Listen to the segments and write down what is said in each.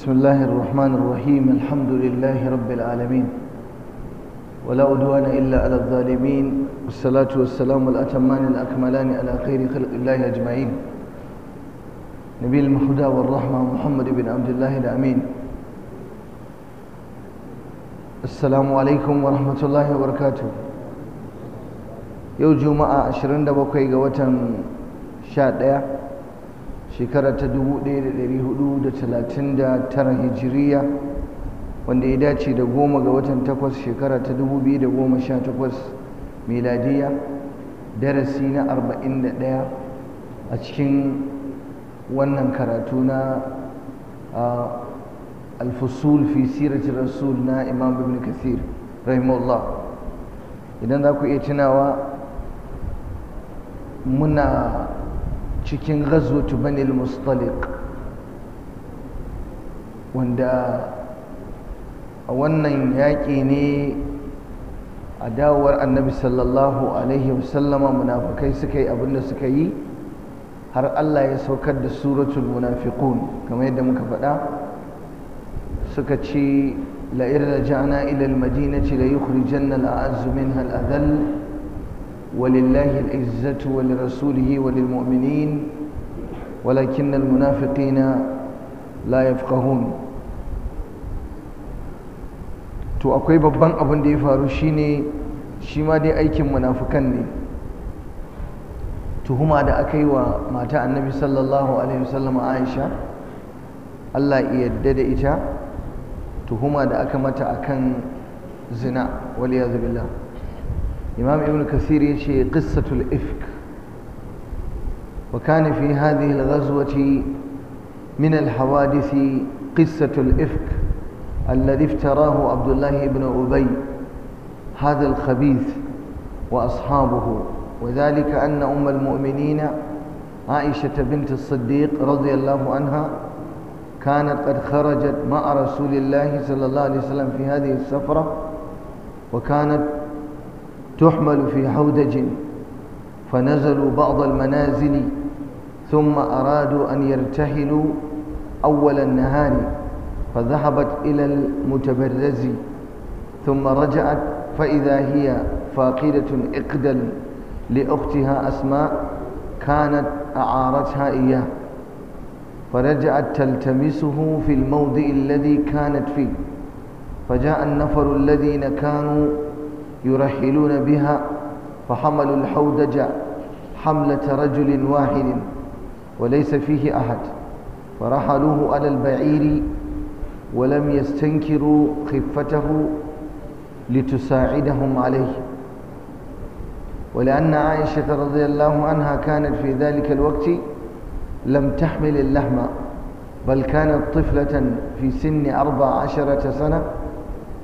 بسم الله الرحمن الرحيم الحمد لله رب العالمين ولا أدوان إلا على الظالمين والصلاة والسلام الأتمان الأكملان على خير خلق الله أجمعين نبي المهدى والرحمة محمد بن عبد الله الأمين السلام عليكم ورحمة الله وبركاته يوم جمعة 27 ga watan 11 shekara ta 1439 hijiriya wanda ya dace da goma ga watan takwas shekara ta 2018 miladiya darasi na 41 a cikin wannan karatu na alfusul fi rasul na imam ibn kathir rahimallah idan za ku iya tunawa muna cikin ghazwatu bani mustaliq wanda a wannan yaƙi ne a dawowar annabi sallallahu alaihi wasallama munafukai suka yi abinda suka yi har Allah ya saukar da suratul munafiqun kamar yadda muka faɗa suka ce la'in raja'na ila al-madinati la yukhrijanna al minha al-adhall ولله العزة ولرسوله وللمؤمنين ولكن المنافقين لا يفقهون to akwai babban abin da ya faru shine shi ma dai aikin munafukan ne tuhuma da aka yi wa mata annabi sallallahu alaihi wasallam aisha allah ya yadda da ita tuhuma da aka mata akan zina wal billah إمام ابن كثير يشي قصة الإفك وكان في هذه الغزوة من الحوادث قصة الإفك الذي افتراه عبد الله بن أبي هذا الخبيث وأصحابه وذلك أن أم المؤمنين عائشة بنت الصديق رضي الله عنها كانت قد خرجت مع رسول الله صلى الله عليه وسلم في هذه السفرة وكانت تحمل في حودج فنزلوا بعض المنازل ثم أرادوا أن يرتهلوا أول النهار فذهبت إلى المتبرز ثم رجعت فإذا هي فاقدة إقدل لأختها أسماء كانت أعارتها إياه فرجعت تلتمسه في الموضع الذي كانت فيه فجاء النفر الذين كانوا يرحلون بها فحملوا الحودج حملة رجل واحد وليس فيه أحد فرحلوه على البعير ولم يستنكروا خفته لتساعدهم عليه ولأن عائشة رضي الله عنها كانت في ذلك الوقت لم تحمل اللحم بل كانت طفلة في سن أربع عشرة سنة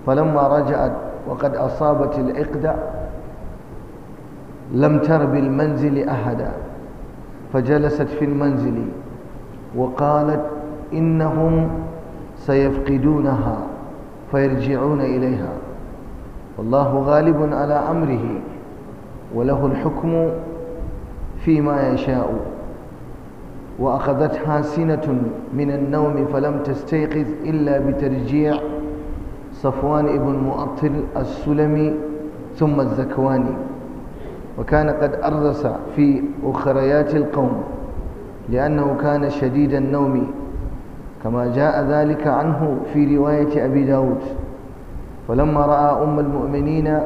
فلما رجعت وقد أصابت العقدة لم تر بالمنزل أحدا فجلست في المنزل وقالت إنهم سيفقدونها فيرجعون إليها والله غالب على أمره وله الحكم فيما يشاء وأخذتها سنة من النوم فلم تستيقظ إلا بترجيع صفوان بن مؤطل السلمي ثم الزكواني وكان قد أرس في أخريات القوم لأنه كان شديد النوم كما جاء ذلك عنه في رواية أبي داود فلما رأى أم المؤمنين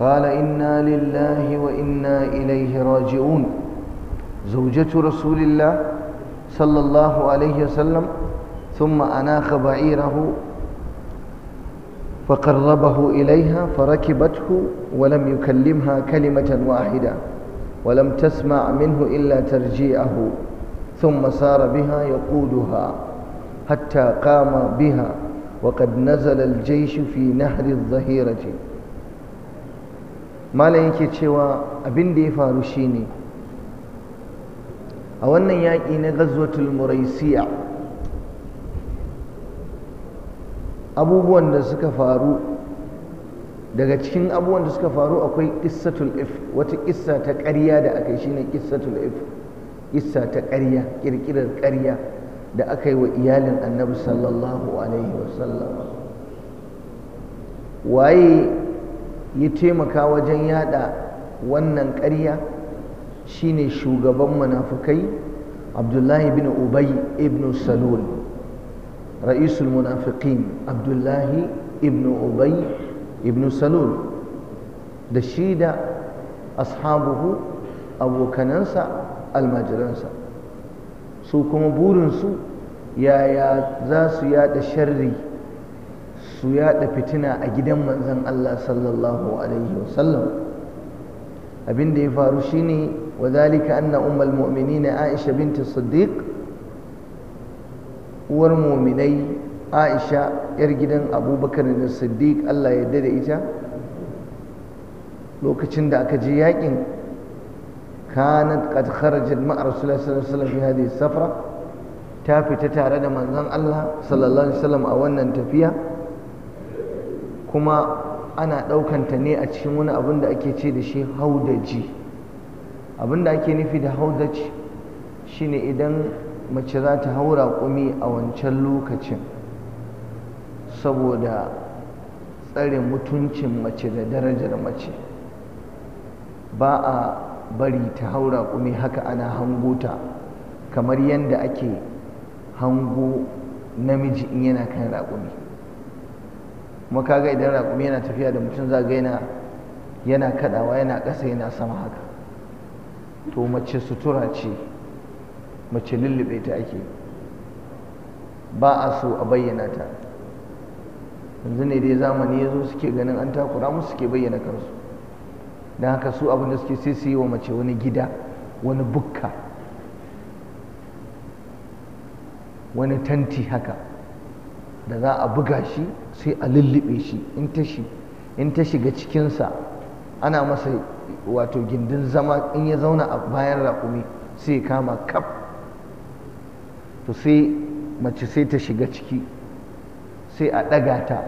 قال إنا لله وإنا إليه راجعون زوجة رسول الله صلى الله عليه وسلم ثم أناخ بعيره فقربه إليها فركبته ولم يكلمها كلمة واحدة ولم تسمع منه إلا ترجيعه ثم سار بها يقودها حتى قام بها وقد نزل الجيش في نهر الظهيرة ما لينك تشوى abin da ya faru shine المريسيع abubuwan da suka faru daga cikin abubuwan da suka faru akwai qissatul if wata ƙissa ta ƙarya da aka yi shine qissatul if ƙissa ta ƙarya ƙirƙirar ƙarya da aka yi wa iyalin annabi sallallahu alaihi wasallam waye ya taimaka wajen yada wannan ƙarya shine shugaban munafukai abdullahi bin ubay ibn salul رئيس المنافقين عبد الله ابن أبي ابن سلول دشيد أصحابه أبو كننسا المجرنسا سوكم بورنسو يا يا زاس يا الشري سيا فتنا أجدم من زن الله صلى الله عليه وسلم abin da ya faru shine wa zalika anna ummul mu'minina aisha binti siddiq uwar muminai aisha yar gidan abubakar da siddiq allah ya da ita lokacin da aka je yakin kanat qad kharajat ma'a rasulullah sallallahu alaihi wasallam fi hadhihi safra ta fita tare da manzon Allah sallallahu alaihi wasallam a wannan tafiya kuma ana ɗaukanta ne a cikin wani abin da ake ce da shi haudaji abin da ake nufi da haudaji shine idan mace za ta haura kumi a wancan lokacin saboda tsare mutuncin mace da darajar mace ba a bari ta haura kumi haka ana hangota kamar yadda ake hango namiji in yana kan raƙumi kuma kaga idan raƙumi yana tafiya da mutum za ga yana kaɗawa yana ƙasa yana sama haka to mace sutura ce mace lullube ta ake ba a so a bayyana ta yanzu ne dai zamani ya zo suke ganin an takura musu suke bayyana kansu don haka su abin da suke sai su yi wa mace wani gida wani bukka wani tanti haka da za a buga shi sai a lullube shi in ta shiga cikinsa ana masa wato gindin zama in ya zauna a bayan raƙumi sai kama kaf to sai mace sai ta shiga ciki sai a ɗaga ta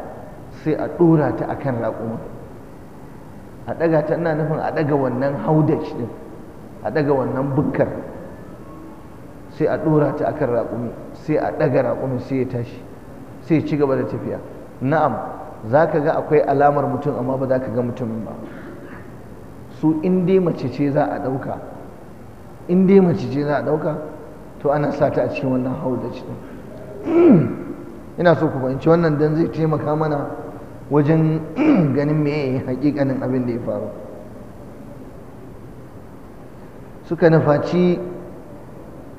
sai a ɗora ta a kan raƙuma a ɗaga ta ina nufin a ɗaga wannan haudash ɗin a ɗaga wannan bukkar sai a ɗora ta a kan raƙumi sai a ɗaga raƙumi sai ya tashi sai ci gaba da tafiya na'am za ka ga akwai alamar mutum amma ba za ka ga mutumin ba su in dai mace ce za a ɗauka in dai mace ce za a ɗauka to ana sa ta a cikin wannan haudaci ina so ku fahimci wannan dan zai taimaka mana wajen ganin meye hakikanin abin da ya faru suka nufaci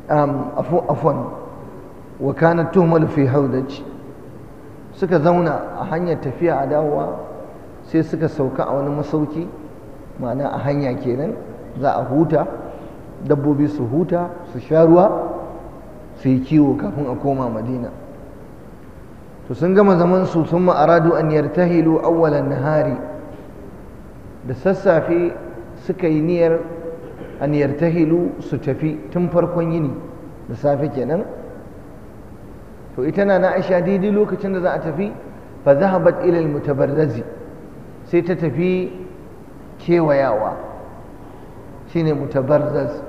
um, afon wa kana tuhmal fi haudaci suka zauna a hanyar tafiya a dawowa sai suka sauka a wani masauki ma'ana a hanya kenan za a huta dabbobi su huta su sha ruwa su yi kiwo kafin a koma madina to sun gama zaman su sun ma'aradu an yartahilu awwalan nahari da sassafe suka yi niyyar an yartahilu su tafi tun farkon yini da safe kenan to ita na na aisha daidai lokacin da za a tafi fa zahabat ila mutabarrazi sai ta tafi kewayawa shine mutabarraz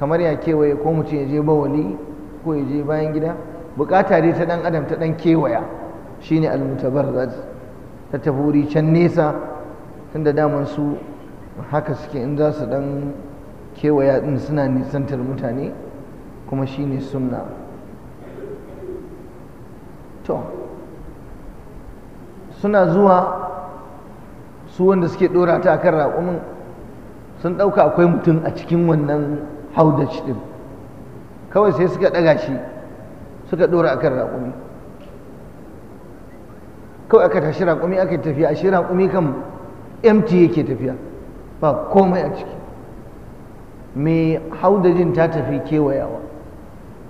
kamar ya kewaye ko mutum ya je bawali ko ya je bayan gida bukata dai ta dan adam ta dan kewaya shine almutabarrad ta tafi wuri can nesa tunda daman su haka suke in za su dan kewaya din suna nisantar mutane kuma shine sunna to suna zuwa su wanda suke dora ta akan raƙumin sun ɗauka akwai mutum a cikin wannan haudash ɗin kawai sai suka ɗaga shi suka ɗora akan raƙumi kawai aka tashi raƙumi aka tafiya a shi raƙumi kan empty yake tafiya ba komai a ciki mai haudajin ta tafi kewayawa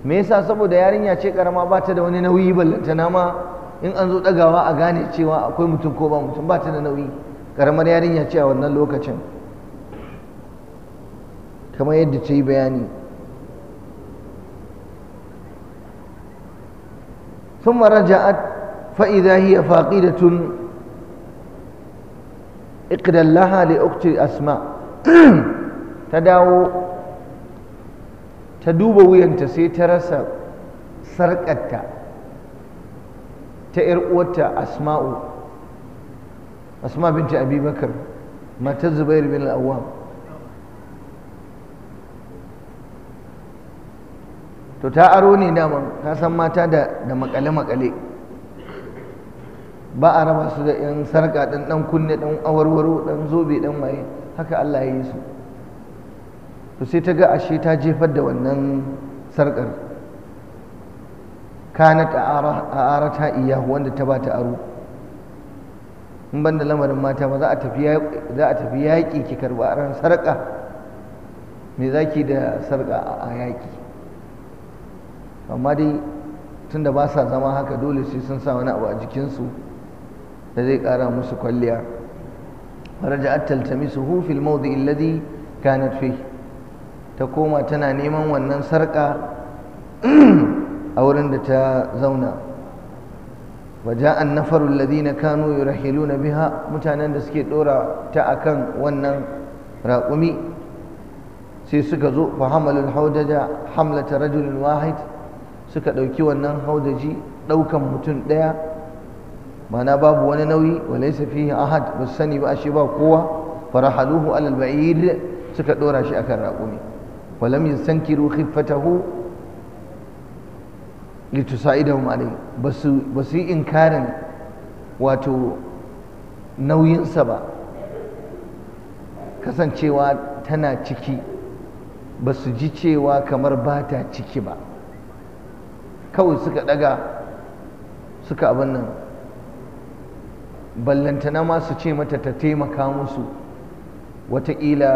me yasa saboda yarinya ce karama ba ta da wani nauyi ballantana ma in an zo ɗagawa a gane cewa akwai mutum ko ba mutum ba ta da nauyi karamar yarinya ce a wannan lokacin kamar yadda ta yi bayani sun mara ja'ad fa’iza yi a faƙidatun ikidallaha da uktir asma ta duba wuyanta sai ta rasa sarƙarta ta uwarta asma’u asma binta abubakar bakar matar zubairu bin al’awwam to ta aro ne daman ka san mata da da makale makale ba a raba su da yan sarka ɗan dan kunne dan awarwaro dan zobe dan waye haka Allah ya yi su to sai ta ga ashe ta jefar da wannan sarkar kanat ta iya wanda ta bata aro in ban da lamarin mata ba za a tafi yaƙi ki karba ran sarka me zaki da sarƙa a yaƙi amma dai tunda ba sa zama haka dole sai sun sa wani abu a jikinsu da zai ƙara musu kwalliya raja'at taltamisuhu fil mawdi alladhi kanat fi ta koma tana neman wannan sarka a wurin da ta zauna waja'a an-nafaru alladhina kanu yurahiluna biha mutanen da suke dora ta akan wannan raƙumi sai suka zo fa hamalul haudaja hamlata rajulin wahid suka ɗauki wannan haudaji ɗaukan mutum ɗaya mana babu wani nauyi walaysa fihi ahad ba su sani ba shi ba kowa farahaluhu alal ba'ir suka ɗora shi akan raƙumi walam yusankiru khiffatahu litusa'idahum alayhi ba su yi inkarin wato nauyinsa ba kasancewa tana ciki ba su ji cewa kamar ba ta ciki ba kawai suka daga suka abin nan ballantana ma su ce mata ta taimaka musu wataƙila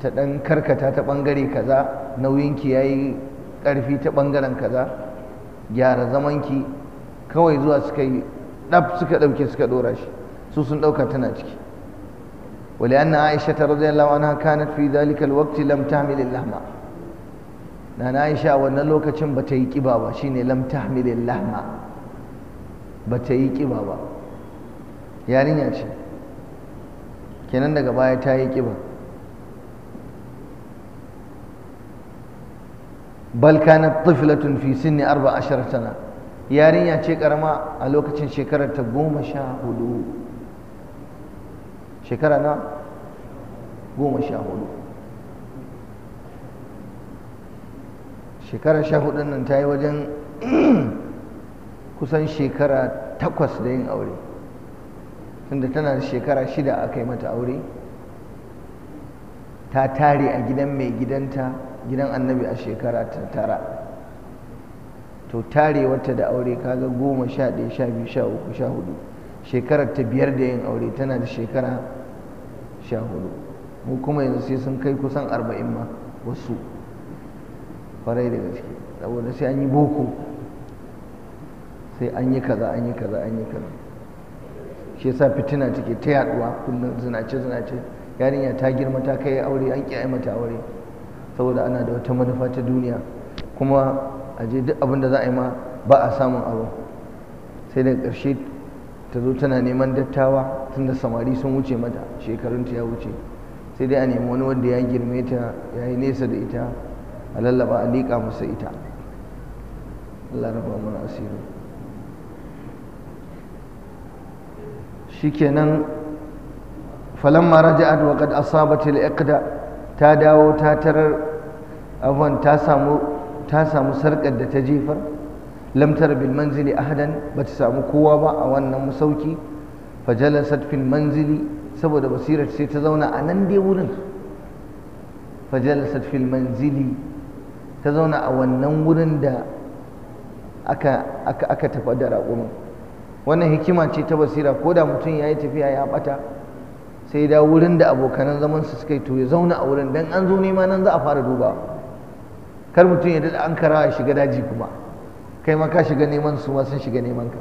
ta ɗan karkata ta ɓangare kaza nauyinki ya yi ƙarfi ta ɓangaren kaza gyara zamanki kawai zuwa suka yi ɗab suka ɗauke suka ɗora shi su sun ɗauka tana ciki ولأن عائشة رضي الله عنها kanat fi zalika الوقت lam تعمل lahma. na na aisha wannan lokacin ba ta yi ƙiba ba Shi ne lam hamilin lahma ba ta yi ƙiba ba yarinya ce kenan daga baya ta yi ƙiba bal kanat tiflatun fi sinni arba ashirar tana. yarinya ce karama a lokacin shekarar ta goma sha hudu shekara na goma sha hudu shekara sha hudun nan ta yi wajen kusan shekara takwas da yin aure tunda tana da shekara shida a kai mata aure ta tare a gidan mai gidanta gidan annabi a shekara ta tara to tare wata da aure kaga goma sha ɗaya sha biyu sha uku sha hudu shekarar ta biyar da yin aure tana da shekara sha hudu mu kuma yanzu sai sun kai kusan arba'in ma wasu kwarai da gaske saboda sai an yi boko sai an yi kaza an yi kaza an yi kaza shi yasa fitina take ta yaduwa kullum zinace zinace yarinya ta girma ta kai aure an ƙi mata aure saboda ana da wata manufa ta duniya kuma a je duk abin da za a yi ma ba a samun abu sai daga ƙarshe ta zo tana neman dattawa tunda samari sun wuce mata shekarunta ya wuce sai dai a nemi wani wanda ya girme ta ya yi nesa da ita a lallaba a liƙa musu ita Allah raba mana asiru. shikenan falamma raja'at wa qad asabat iqda ta dawo ta tarar afwan ta samu ta samu da ta jefar lamtar bil manzili ahadan bata samu kowa ba a wannan masauki fajalasat fil manzili saboda basirar sai ta zauna a nan dai wurin fajalasat fil manzili ta zauna a wannan wurin da aka da raƙumin wannan hikima ce ta basira ko da mutum ya yi tafiya ya ɓata sai da wurin da abokanan su suka yi to zauna a wurin dan an zo nema nan za a fara duba kar mutum ya daɗa an karawa ya shiga daji kuma kai ma ka shiga neman su ma sun shiga neman ka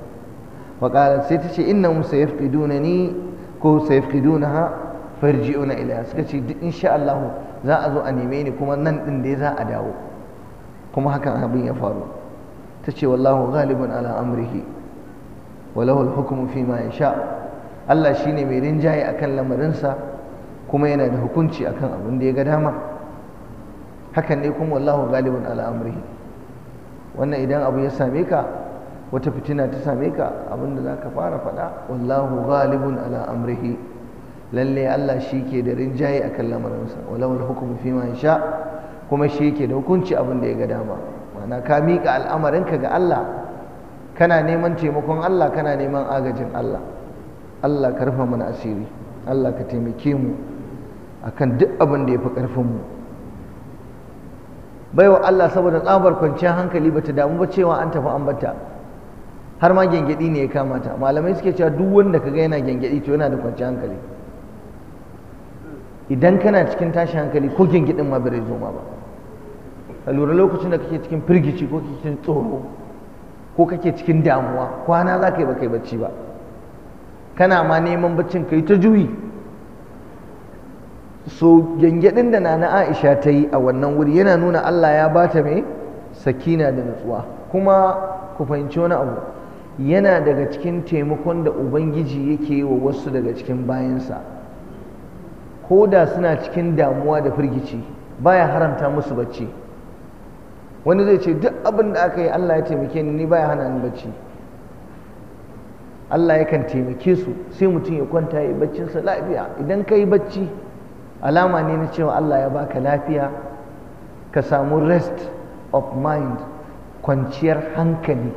wa sai ta ce innahum sayafqiduna ni ko sayafqidunaha farji'una ila suka ce duk insha za a zo a neme ni kuma nan ɗin dai za a dawo kuma hakan abin ya faru ta ce wallahu ghalibun ala amrihi wa al hukmu fi ma yasha Allah shine mai rinjaye akan lamarinsa kuma yana da hukunci akan abin da ya ga dama hakan ne kuma wallahu ghalibun ala amrihi wannan idan abu ya same ka wata fitina ta same ka abin da zaka fara faɗa wallahu ghalibun ala amrihi lalle Allah shi ke da rinjaye akan lamarinsa wa al hukmu fi ma yasha kuma shi yake da hukunci abin da ya ga dama ma'ana ka miƙa al'amarinka ga Allah kana neman taimakon Allah kana neman agajin Allah Allah ka rufa mana asiri Allah ka taimake mu akan duk abin da ya fi ƙarfin mu wa Allah saboda tsabar kwanciyar hankali bata damu ba cewa an tafi an bata har ma gyangyaɗi ne ya kamata malamai suke cewa duk wanda ka ga yana gyangyaɗi to yana da kwanciyar hankali idan kana cikin tashin hankali ko gyangyaɗin ma bai zo ma ba ka lura lokacin da kake cikin firgici ko kake cikin tsoro ko kake cikin damuwa kwana za ka yi baka yi bacci ba kana ma neman baccin ka yi ta juyi so gyangyaɗin da nana aisha ta yi a wannan wuri yana nuna allah ya ba ta mai sakina da nutsuwa kuma ku fahimci wani abu yana daga cikin taimakon da ubangiji yake yi wa wasu daga cikin bayansa ko da suna cikin damuwa da firgici baya haramta musu bacci wani zai ce duk abin da aka yi Allah ya taimake ni ni baya hana ni bacci Allah ya kan taimake su sai mutum ya kwanta ya yi baccinsa lafiya idan ka yi bacci alama ne na cewa Allah ya baka lafiya ka samu rest of mind kwanciyar hankali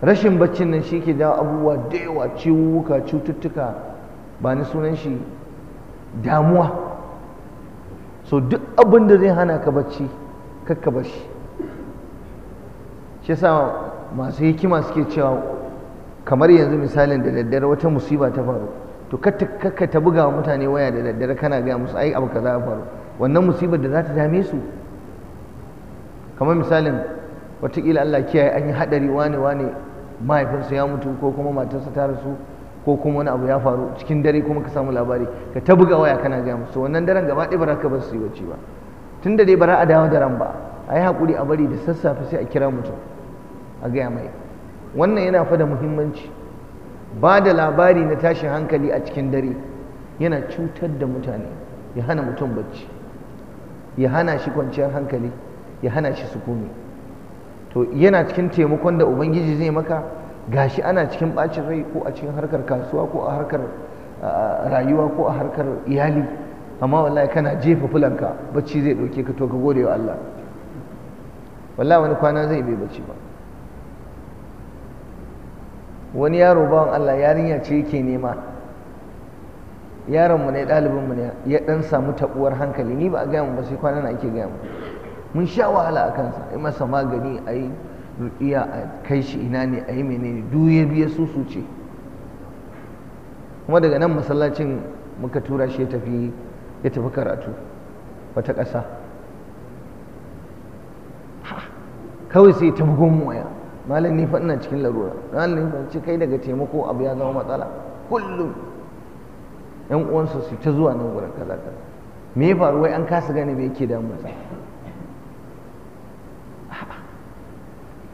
rashin baccin nan shi ke jawo abubuwa da yawa ciwuka cututtuka ba ni sunan shi damuwa so duk abin da zai hana ka bacci kakkaba shi shi sa masu hikima suke cewa kamar yanzu misalin da daddare wata musiba ta faru to kakka ta buga wa mutane waya da daddare kana gaya musu ai abu kaza ya faru wannan musibar da za ta dame su kamar misalin watakila Allah kiyaye an yi hadari wane wane mahaifinsa ya mutu ko kuma matarsa ta rasu ko kuma wani abu ya faru cikin dare kuma ka samu labari ka ta buga waya kana gaya musu wannan daren gaba ɗaya ba za ka bar su yi wacce ba tun da dai bara a dawo da ran ba a yi haƙuri a bari da sassafe sai a kira mutum a gaya mai wannan yana fa da muhimmanci ba da labari na tashin hankali a cikin dare yana cutar da mutane ya hana mutum bacci ya hana shi kwanciyar hankali ya hana shi sukuni to yana cikin taimakon da ubangiji zai maka gashi ana cikin bacin rai ko a cikin harkar kasuwa ko a harkar rayuwa ko a harkar iyali amma wallahi kana jefa fulanka bacci zai ɗauke ka to ka gode wa Allah wallahi wani kwana zai bai bacci ba wani yaro bawan Allah yarinya ce yake nema yaronmu ne ɗalibinmu ne ya ɗan samu taɓuwar hankali ni ba a gaya mu ba sai kwana na ake gaya mu mun sha wahala a kansa a masa magani a yi ruɗiya a kai shi ina ne a yi menene ya biya su ce kuma daga nan masallacin muka tura shi ya tafi ya tafi karatu wata ƙasa kawai sai ta bugun waya malam nifa ina cikin larura malam nifa ce kai daga taimako abu ya zama matsala kullum yan uwansa su ta zuwa nan gurin kaza kaza me ya faru wai an kasa gane me yake damu sa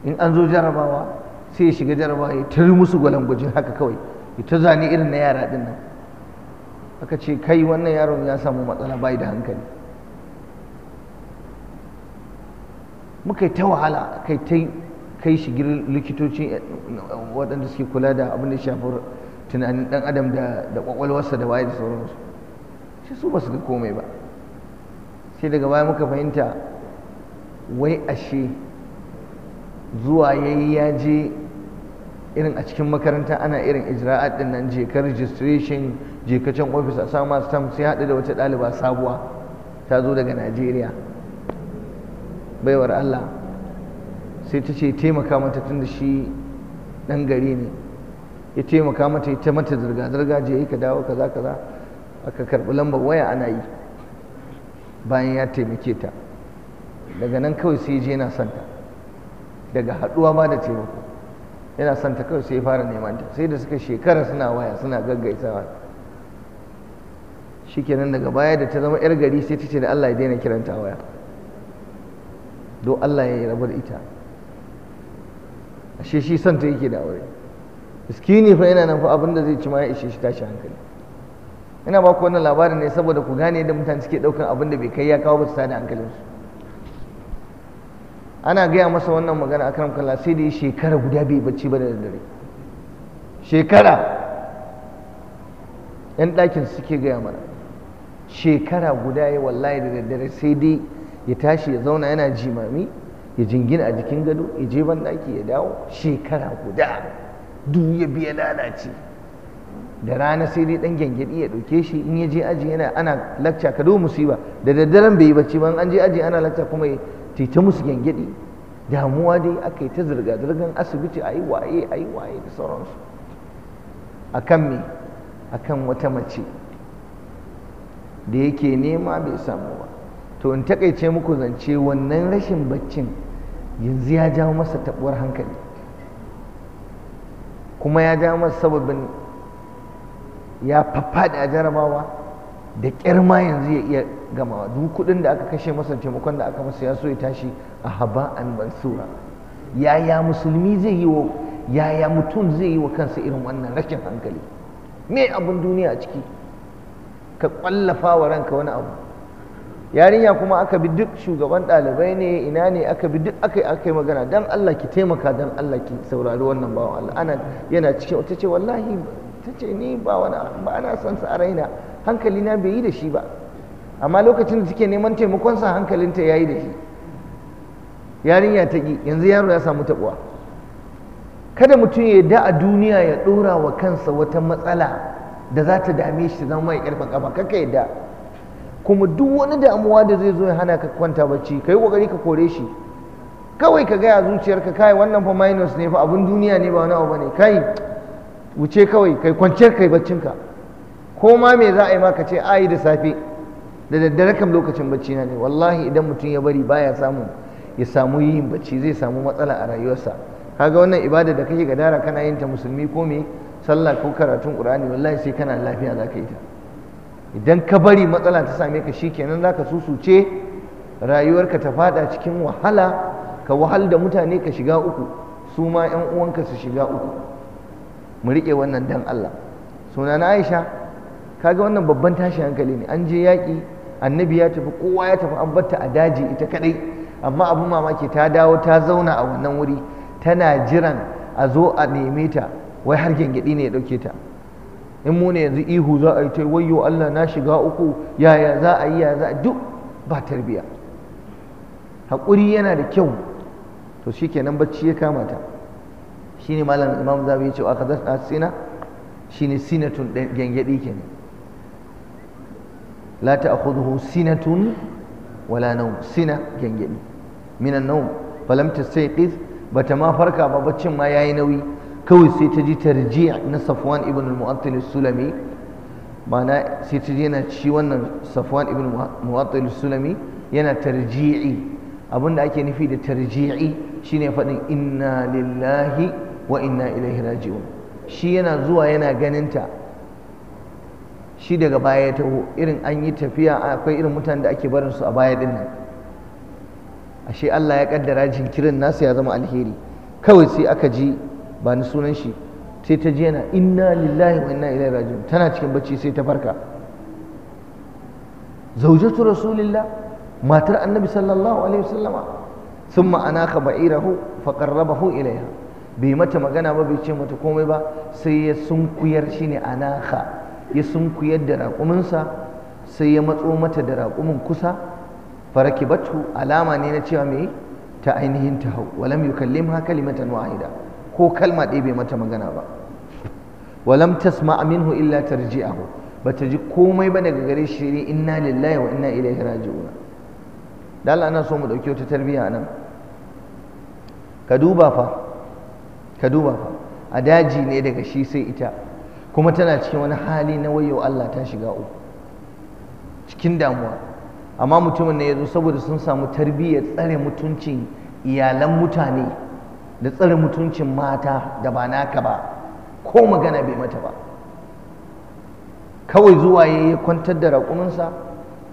in an zo jarabawa sai ya shiga jarabawa ya tari musu gwalangwajin haka kawai ya ta zane irin na yara din nan aka ce kai wannan yaron ya samu matsala bai da hankali muka yi ta wahala kai ta kai shigir likitoci eh, waɗanda suke kula da abin da shafi tunanin ɗan adam da ƙwaƙwalwarsa da waye da sauransu shi su ba su ga komai ba sai daga baya muka fahimta wai ashe zuwa yayi ya je irin a cikin makaranta ana irin ijra'at din nan je ka registration je ka can office a sama stamp sai haɗu da wata daliba sabuwa ta zo daga Najeriya baiwar Allah sai ta ce taimaka mata tunda shi ɗan gari ne ya taimaka mata ita mata zirga-zirga je ka dawo kaza kaza aka karɓi lambar waya ana yi bayan ya taimake ta daga nan kawai sai je na santa daga haɗuwa ba da taimako yana son ta kawai sai fara neman ta sai da suka shekara suna waya suna gaggaisawa shikenan daga baya da ta zama yar gari sai ta ce da Allah ya daina kiranta waya don Allah ya yi rabar ita ashe shi son ta yake da aure miskini fa yana nan fa abin da zai ci ma ya ishe shi tashi hankali ina ba ku wannan labarin ne saboda ku gane yadda mutane suke daukan abin da bai kai ya kawo ba su da hankalinsu ana gaya masa wannan magana a karam sai da ya shekara guda bai bacci ba da daddare shekara yan ɗakin suke gaya mana shekara guda ya wallahi da daddare sai dai ya tashi ya zauna yana jimami ya jingina a jikin gado ya je ban ɗaki ya dawo shekara guda duk ya biya lalace da rana sai dai ɗan gyangyaɗi ya ɗauke shi in ya je aji yana ana lakca ka do musiba da daddaren bai yi bacci ba an je aji ana lakca kuma ta ta musu gyangyaɗi damuwa dai aka yi ta zirga-zirgar asibiti a yi waye a yi waye da sauransu a kan me a kan wata mace da yake nema bai samu ba to in takaice muku zance wannan rashin baccin yanzu ya jawo masa taɓuwar hankali kuma ya jawo masa sababin ya faffaɗa jarabawa da ƙyar ma yanzu ya iya gamawa duk kudin da aka kashe masa taimakon da aka masa ya so ya tashi a haba an mansura yaya musulmi zai yi wa yaya mutum zai yi wa kansa irin wannan rashin hankali me abin duniya a ciki ka kwallafa wa ranka wani abu yarinya kuma aka bi duk shugaban ɗalibai ne ina ne aka bi duk aka yi magana dan Allah ki taimaka dan Allah ki saurari wannan bawan Allah ana yana cikin wata ce wallahi ta ce ni ba wani ba ana son sa a raina hankali na bai yi da shi ba amma lokacin da suke neman taimakon sa hankalinta ya yi da shi yarinya ta ƙi yanzu yaro ya samu taɓuwa kada mutum ya da a duniya ya ɗora wa kansa wata matsala da za ta dame shi zama mai ƙarfin ƙafa kaka yadda kuma duk wani damuwa da zai zo ya hana ka kwanta bacci ka yi ƙoƙari ka kore shi kawai ka gaya zuciyarka kai wannan fa minus ne fa abun duniya ne ba wani abu ne kai wuce kawai kai kwanciyar kai baccinka ko ma me za a yi maka ce ayi da safe da daddare kam lokacin bacci na ne wallahi idan mutum ya bari baya samu ya samu yin bacci zai samu matsala a rayuwarsa kaga wannan ibada da kake gadara kana yin ta musulmi ko me sallah ko karatun qur'ani wallahi sai kana lafiya zaka yi ta idan ka bari matsala ta same ka shikenan zaka susuce rayuwarka ta fada cikin wahala ka wahal da mutane ka shiga uku su ma yan uwanka su shiga uku mu rike wannan dan Allah sunana Aisha kaga wannan babban tashin hankali ne an je yaki. annabi ya tafi kowa ya tafi an batta a daji ita kadai amma abin mamaki ta dawo ta zauna a wannan wuri tana jiran a zo a neme ta wai har gyangyaɗi ne ya ɗauke ta in mu ne yanzu ihu za a yi ta wayo Allah na shiga uku yaya za a yi ya za duk ba tarbiya haƙuri yana da kyau to shi kenan bacci ya kama ta shine malam imam zabi ya ce wa kaza sina ne sinatun gyangyaɗi kenan la ta'khudhuhu sinatun wala nawm sina gangadi minan nawm falam tastayqiz bata ma farka ba baccin ma yayi nauyi kawai sai ta ji tarji' na Safwan ibn al-Mu'attal as-Sulami ma'ana sai yana ci wannan Safwan ibn yana tarji'i abinda ake nufi da tarji'i shine faɗin inna lillahi wa inna ilaihi raji'un shi yana zuwa yana ganinta shi daga baya ya taho irin an yi tafiya akwai irin mutanen da ake barin su a baya din nan ashe Allah ya kaddara jinkirin nasu ya zama alheri kawai sai aka ji ba ni sunan shi sai ta ji yana inna lillahi wa inna ilaihi raji'un tana cikin bacci sai ta farka zaujatu rasulillah matar annabi sallallahu alaihi wasallama thumma anaka ba'irahu fa qarrabahu bai mata magana ba bai ce mata komai ba sai ya sunkuyar shine anaka ya sunkuyar da raƙuminsa sai ya matso mata da raƙumin kusa faraki batu alama ne na cewa mai ta ainihin ta hau walam yukallimha kalimatan wahida ko kalma ɗaya bai mata magana ba walam tasma minhu illa ba bata ji komai ba daga gare shi ne inna lillahi wa inna ilaihi raji'un da Allah ana so mu ɗauki wata tarbiyya nan ka duba fa a daji ne daga shi sai ita kuma tana cikin wani hali na wayo Allah ta shiga uku cikin damuwa amma mutumin ne ya zo saboda sun samu tarbiyyar tsare mutuncin iyalan mutane da tsare mutuncin mata da ba naka ba ko magana bai mata ba kawai zuwa ya yi kwantar da raƙuninsa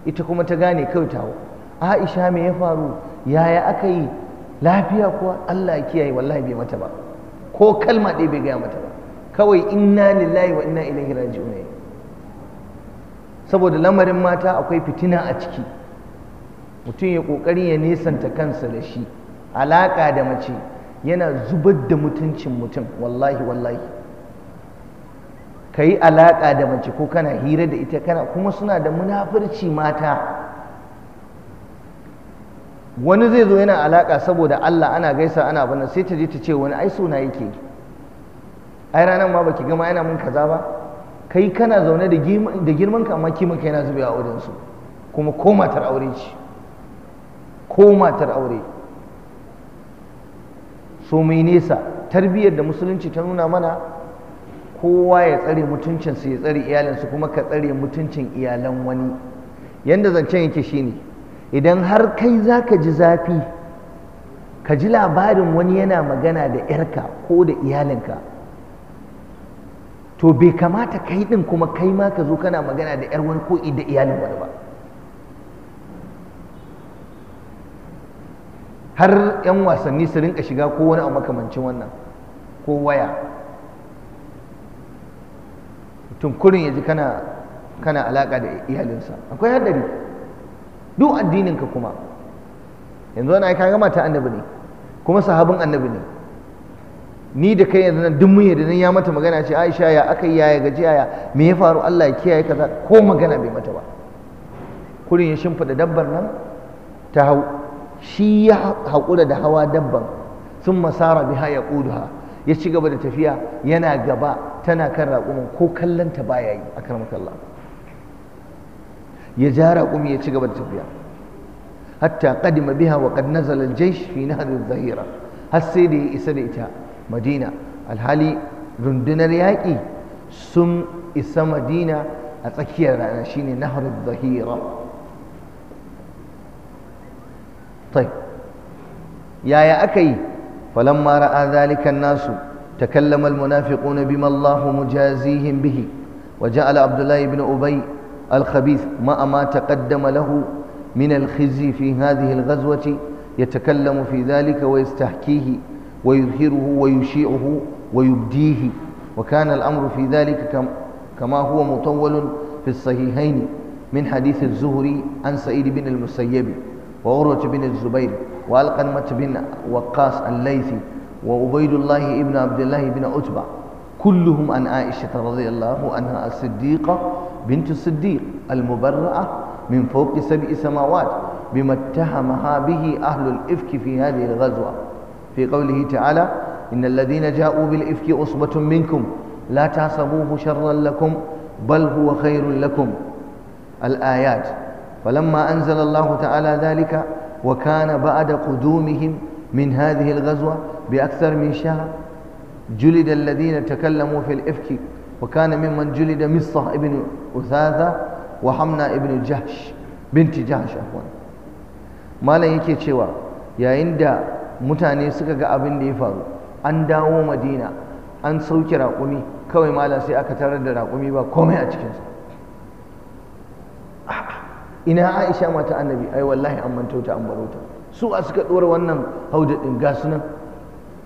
ita kuma ta gane kawai tawo aisha me ya faru yaya aka yi lafiya kuwa allah kiyaye wallahi bai mata ba ko kalma ɗaya bai gaya mata ba kawai inna lillahi wa inna ilaihi raji'un saboda lamarin mata akwai fitina a ciki mutum ya kokari ya nesanta kansa da shi alaka da mace yana zubar da mutuncin mutum wallahi wallahi ka yi da mace ko kana hira da ita kana kuma suna da munafurci mata wani zai zo yana alaƙa saboda Allah ana gaisa ana bana sai ta je ta ce wani ai suna yake ai ranar ma baki gama yana mun kaza ba kai kana zaune da girman ka amma kima kai yana zube a wurin su kuma ko matar aure ce ko matar aure so mai nesa tarbiyyar da musulunci ta nuna mana kowa ya tsare mutuncinsu ya tsare iyalinsu kuma ka tsare mutuncin iyalan wani yanda zancen yake shine idan har kai za ka ji zafi ka ji labarin wani yana magana da 'yarka ko da iyalinka to bai kamata kai din kuma kai ma ka zo kana magana da yar wani ko da iyalin wani ba har 'yan wasanni su rinka shiga ko wani a makamancin wannan ko waya tunkurin ya ji kana kana alaka da iyalinsa akwai haddari duk addininka kuma yanzu wani aika gama mata annabi ne kuma sahabin annabi ne ni da kai yanzu duk mun yadda nan ya mata magana ce Aisha ya aka ya ya gaji ya me ya faru Allah ya kiyaye kaza ko magana bai mata ba kurin ya shimfida dabbar nan ta hau shi ya haƙura da hawa dabban sun masara biha ya ƙuduha ya ci gaba da tafiya yana gaba tana kan raƙumin ko kallonta baya yi a karmakalla ya ja raƙumi ya ci gaba da tafiya hatta qadima biha wa qad nazala al-jaysh fi zahira har sai da ya isa da ita madina alhali rundunar yaƙi sun isa madina a tsakiyar rana shine nahar zahira طيب يا أكي فلما رأى ذلك الناس تكلم المنافقون بما الله مجازيهم به وجعل عبد الله بن أبي الخبيث ما ما تقدم له من الخزي في هذه الغزوة يتكلم في ذلك ويستحكيه ويظهره ويشيعه ويبديه وكان الأمر في ذلك كما هو مطول في الصحيحين من حديث الزهري عن سعيد بن المسيب وعروة بن الزبير وألقمة بن وقاص الليثي وعبيد الله بن عبد الله بن عتبة كلهم عن عائشة رضي الله عنها الصديقة بنت الصديق المبرأة من فوق سبع سماوات بما اتهمها به أهل الإفك في هذه الغزوة في قوله تعالى إن الذين جاءوا بالإفك عصبة منكم لا تحسبوه شرا لكم بل هو خير لكم الآيات فلما أنزل الله تعالى ذلك وكان بعد قدومهم من هذه الغزوة بأكثر من شهر جلد الذين تكلموا في الإفك وكان ممن جلد مصة ابن أثاثة وحمنا ابن جهش بنت جهش عفوا ما لا يكي يا عند mutane suka ga abin da ya faru an dawo madina an sauke raƙumi kawai mala sai aka tarar da raƙumi ba komai a cikinsa ina aisha mata annabi ai wallahi an manto an su a suka ɗora wannan haudadin ga sunan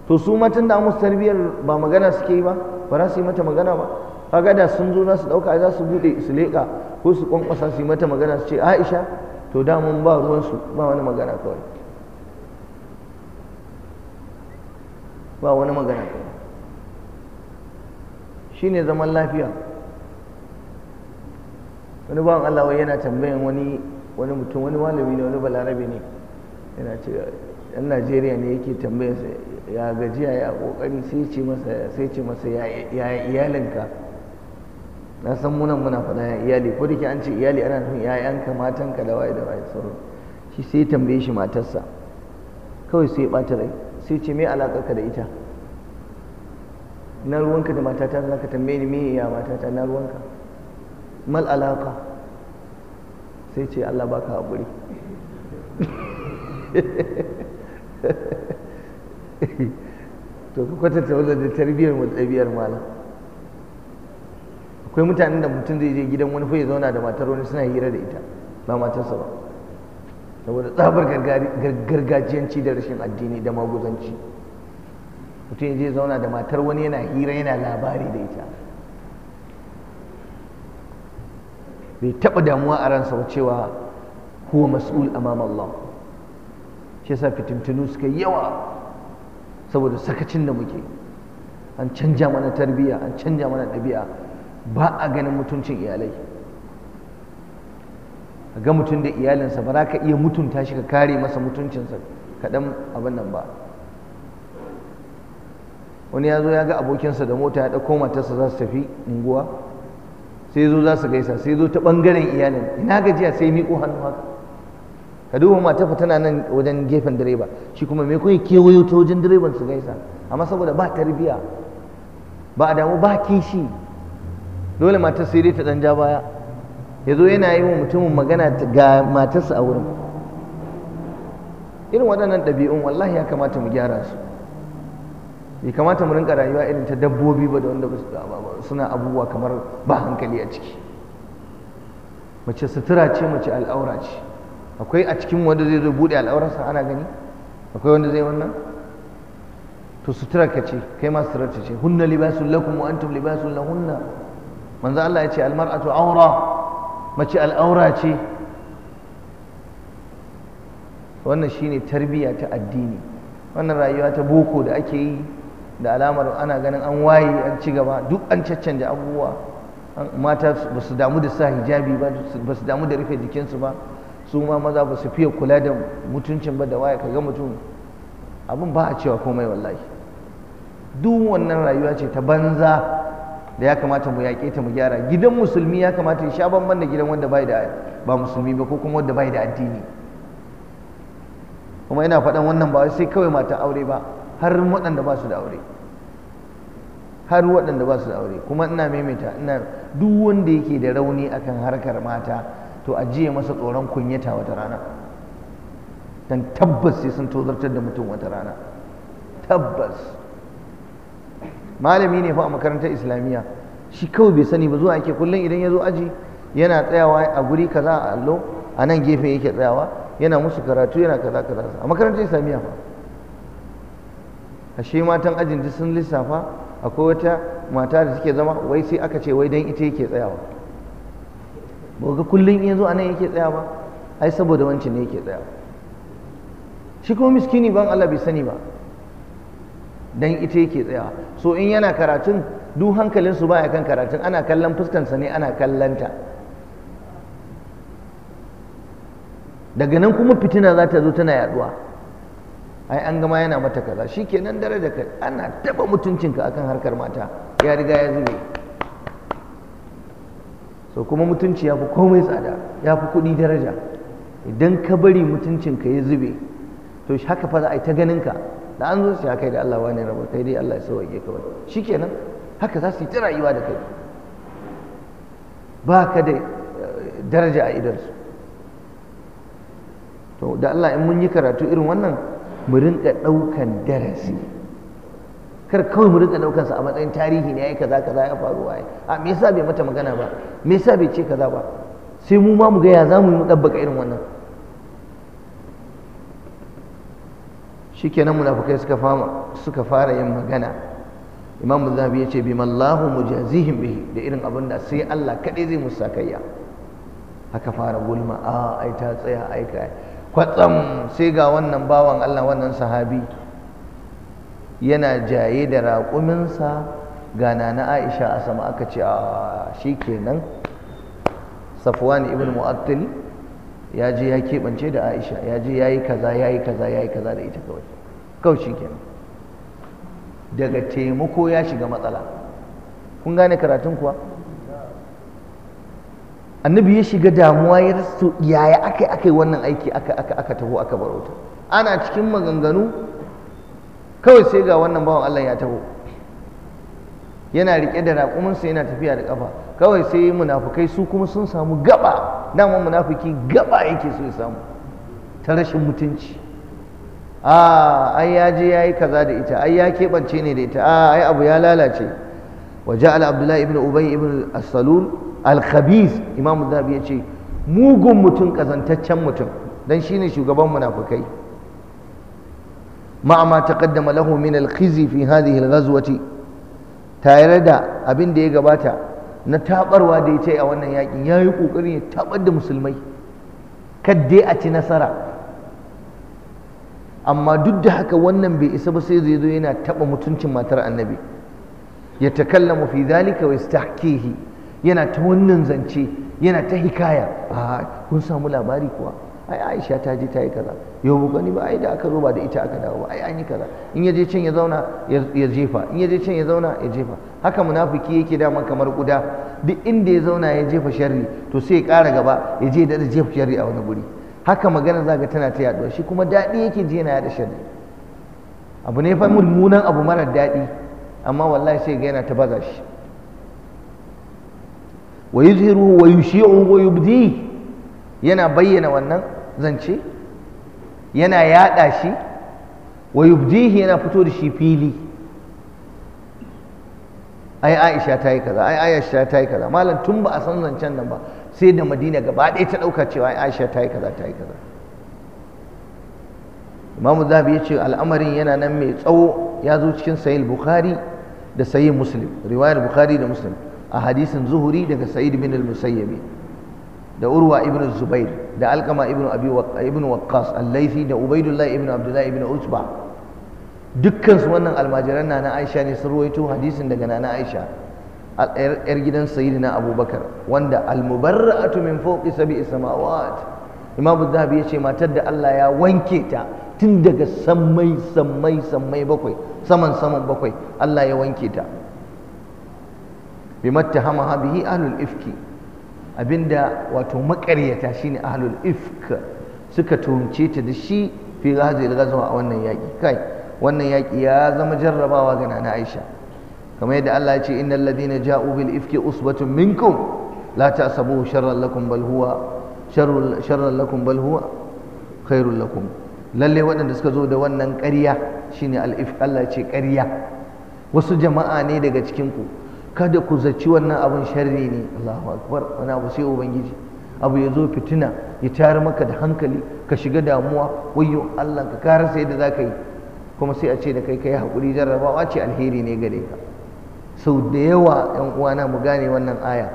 to su matan da musu tarbiyyar ba magana suke yi ba ba za su yi mata magana ba kaga da sun zo za su ɗauka za su buɗe su leƙa ko su kwankwasa su yi mata magana su ce aisha to da mun ba ruwansu ba wani magana kawai ba wani magana kuma shi ne zaman lafiya wani bawan Allah wai yana tambayan wani wani mutum wani malami ne wani balarabe ne yana ce yan Najeriya ne yake tambayan sa ya gajiya ya kokari sai ce masa sai ce masa ya iyalinka na san munan muna faɗa ya iyali ko dake an ce iyali ana nufin ƴaƴanka matanka da waye da waye sauran shi sai tambaye shi matarsa kawai sai ya ɓata rai sai ce me alaƙarka da ita na ruwanka da matata za ka tambaye ni me ya matata na ruwanka mal alaƙa sai ce Allah baka haƙuri to ka kwatanta wannan da tarbiyyar mu ɗabi'ar malam akwai mutanen da mutum zai je gidan wani fa ya zauna da matar wani suna hira da ita ba matarsa ba saboda tsabar gargajiyanci da rashin addini da maguzanci mutum ya je zauna da matar wani yana hira yana labari da ita bai taɓa damuwa a ransa ba cewa huwa mas'ul amam Allah shi yasa fitintunu suka yi yawa saboda sakacin da muke an canja mana tarbiyya an canja mana ɗabi'a ba a ganin mutuncin iyalai ga mutum da iyalinsa ba za ka iya mutunta shi ka kare masa mutuncinsa kaɗan abin nan ba wani ya zo ya ga abokinsa da mota ya ɗauko matarsa za su tafi unguwa sai zo za su gaisa sai zo ta ɓangaren iyalin ina gajiya sai miƙo hannu haka ka duba matafa tana nan wajen gefen direba shi kuma me kuma kewayo ta wajen direban su gaisa amma saboda ba tarbiya ba a damu ba kishi dole matar sai dai ta ɗan ja baya ya zo yana yi wa mutumin magana ga matarsa a wurin irin waɗannan ɗabi'un wallahi ya kamata mu gyara su bai kamata mu rinka rayuwa irin ta dabbobi ba da wanda suna abubuwa kamar ba hankali a ciki mace sutura ce mace al'aura ce akwai a cikin wanda zai zo buɗe al'aurarsa ana gani akwai wanda zai wannan to sutura ka ce kai ma sutura ce hunna libasun lakum wa antum libasun lahunna manzo Allah ya ce al mar'atu aura mace al'aura ce wannan shine tarbiyya ta addini wannan rayuwa ta boko da ake yi da alamar ana ganin an waye an ci gaba duk an da abubuwa mata ba su damu da sa hijabi ba ba su damu da rufe jikinsu ba su ma maza ba su fiye kula da mutuncin ba da waye kaga mutum abin ba a cewa komai wallahi duk wannan rayuwa ce ta banza da ya kamata mu yaƙe ta mu gyara gidan musulmi ya kamata ya sha bamban da gidan wanda bai da ba musulmi ba ko kuma wanda bai da addini kuma ina faɗan wannan ba sai kawai mata aure ba har waɗanda ba su da aure har waɗanda ba su da aure kuma ina maimaita ina duk wanda yake da rauni akan harkar mata to ajiye masa tsoron kunyata wata rana dan tabbas sai sun tozartar da mutum wata rana tabbas malami ne fa a makarantar islamiyya shi kawai bai sani ba zuwa ake kullum idan ya zo aji yana tsayawa a guri kaza a allo a nan gefe yake tsayawa yana musu karatu yana kaza kaza a makarantar islamiyya fa ashe matan ajin duk sun lissafa akwai wata mata da suke zama wai sai aka ce wai dan ita yake tsayawa ba ga kullum in zo a nan yake tsaya ba ai saboda wancan ne yake tsayawa shi kuma miskini ban Allah bai sani ba dan ita yake tsayawa so in yana karatun duk hankalin su baya kan karatun ana kallon fuskansa ne ana kallanta daga nan kuma fitina za ta zo tana yaduwa ai an gama yana mata kaza shikenan daraja ka ana taba mutuncinka akan harkar mata ya riga ya zube so kuma mutunci ya fi komai tsada ya fi kuɗi daraja idan ka bari mutuncinka ya zube to haka fa za a yi ta ganinka da an zo siya kai da Allah wani rabu kai dai Allah ya sauke ka wani nan haka za su yi ta rayuwa da kai ba ka da eh, daraja a idansu to da Allah in mun yi karatu irin wannan mu rinka ɗaukan darasi kar kawai mu rinka ɗaukan sa a matsayin tarihi ne ya yi kaza kaza ya faru ai a me yasa bai mata magana ba me yasa bai ce kaza ba sai mu ma mu ga ya zamu mu dabbaka irin wannan shikenan munafukai suka fara yin magana imam zahabi ya ce bi mallahu mujazihim bihi da irin abin sai Allah kaɗai zai musu sakayya aka fara gulma a ai ta tsaya ai kwatsam sai ga wannan bawan Allah wannan sahabi yana jaye da raƙuminsa ga na Aisha a sama aka ce a shi shikenan Safwan ibn Mu'attil ya je ya keɓance da aisha ya je ya yi kaza ya yi kaza ya yi kaza da ita kawai kawai shi kenan daga taimako ya shiga matsala kun gane karatun kuwa annabi ya shiga damuwa ya rasu yaya aka aka yi wannan aiki aka aka aka taho aka barauta ana cikin maganganu kawai sai ga wannan bawan Allah ya taho yana rike da raƙuminsa yana tafiya da ƙafa kawai sai munafukai su kuma sun samu gaba dama munafuki gaba yake so ya samu ta rashin mutunci a ai ya je ya yi kaza da ita ai ya keɓance ne da ita a ai abu ya lalace waje ja'ala abdullahi ibn ubay ibn as-salul al khabis imamu zabi ya ce mugun mutum kazantaccen mutum dan shine shugaban munafukai مع ما تقدم له من fi في هذه الغزوة tare da abin da ya gabata na taɓarwa da ya ce a wannan yakin ya yi ƙoƙarin ya tabar da musulmai kadde a ci nasara amma duk da haka wannan bai isa ba sai zai zo yana taɓa mutuncin matar annabi ya takalla fi zalika wa yastahkihi yana ta wannan zance yana ta hikaya a kun samu labari kuwa ai Aisha ta je ta yi kaza yau mu gani ba ai da aka zo ba da ita aka dawo ba ai an yi kaza in ya je can ya zauna ya jefa in ya je can ya zauna ya jefa haka munafiki yake daman kamar guda duk inda ya zauna ya jefa sharri to sai ya ƙara gaba ya je da jefa sharri a wani guri haka magana zaka tana ta yaduwa shi kuma daɗi yake je na yaɗa sharri abu ne fa mummunan abu mara daɗi amma wallahi sai ga yana ta baza shi wa yuzhiru wa yushi'u wa yubdi yana bayyana wannan zance yana yada shi wa yubdihi yana fito da shi fili ai aisha ta yi kaza ai aisha ta yi kaza malam tun ba a san zancen nan ba sai da madina gaba ɗaya ta ɗauka cewa ai aisha ta yi kaza ta yi kaza imamu zabi ya ce al'amarin yana nan mai tsawo ya zo cikin sahih bukhari da sahih muslim riwayar bukhari da muslim a hadisin zuhuri daga sa'id bin al musayyib da urwa ibn zubair da alkama ibn abi ibn waqqas al-laythi da ubaidullah ibn abdullah ibn usba dukkan su wannan almajiran na na aisha ne sun ruwaito hadisin daga na na aisha yar gidan sayyidina abubakar wanda al-mubarra'atu min fawqi sab'i samawat imamu zahabi ya ce matar da Allah ya wanke ta tun daga sammai sammai sammai bakwai saman saman bakwai Allah ya wanke ta bi mattahama bihi ahlul ifki abinda wato makaryata shine ahlul ifk suka tunce ta da shi fi da ghazwa a wannan yaƙi kai wannan yaƙi ya zama jarrabawa ga nana Aisha kamar yadda Allah ya ce innal ladina ja'u bil ifki usbatun minkum la ta'sabuhu sharran lakum bal huwa sharran lakum bal huwa khairul lakum lalle waɗanda suka zo da wannan ƙarya shine al ifk Allah ya ce ƙarya wasu jama'a ne daga cikin ku kada ku zaci wannan abin sharri ne Allahu akbar wani abu sai ubangiji abu ya zo fitina ya tayar maka da hankali ka shiga damuwa wayyo Allah ka kara sai da zaka yi kuma sai a ce da kai kai hakuri jarrabawa ce alheri ne gare ka sau da yawa yan uwana mu gane wannan aya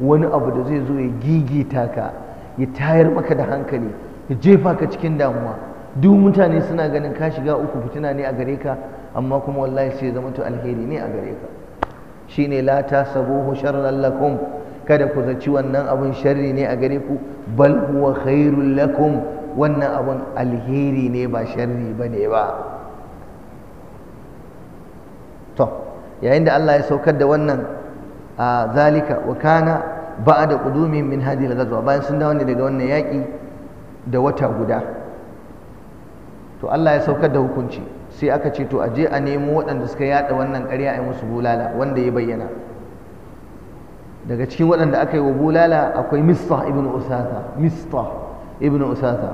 wani abu da zai zo ya gigita ka ya tayar maka da hankali ya jefa ka cikin damuwa duk mutane suna ganin ka shiga uku fitina ne a gare ka amma kuma wallahi sai zama to alheri ne a gare ka shine la tasabuhu sharran lakum kada ku zaci wannan abun sharri ne a gare ku bal huwa khairul lakum wannan abun alheri ne ba sharri bane ba to yayin da Allah ya saukar da wannan a zalika wa kana ba'da qudumi min hadhihi al-ghazwa bayan sun dawo ne daga wannan yaki da wata guda to Allah ya saukar da hukunci sai aka ce to a je a nemo waɗanda suka yada wannan ƙarya a yi musu bulala wanda ya bayyana daga cikin waɗanda aka yi wa bulala akwai mista ibn usasa mista ibn usasa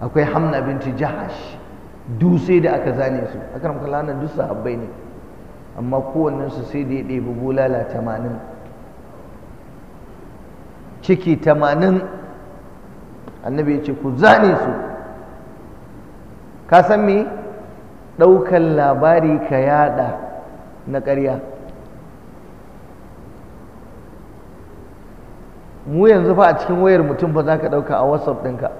akwai hamna binti jahash dutse da aka zane su aka ramka lana duk sahabbai ne amma kowannensu sai da ya ɗebi bulala tamanin ciki tamanin annabi ya ce ku zane su ka san me ɗaukar labari ka yada na ƙarya mu yanzu fa a cikin wayar mutum ba za ka ɗauka a whatsapp ɗinka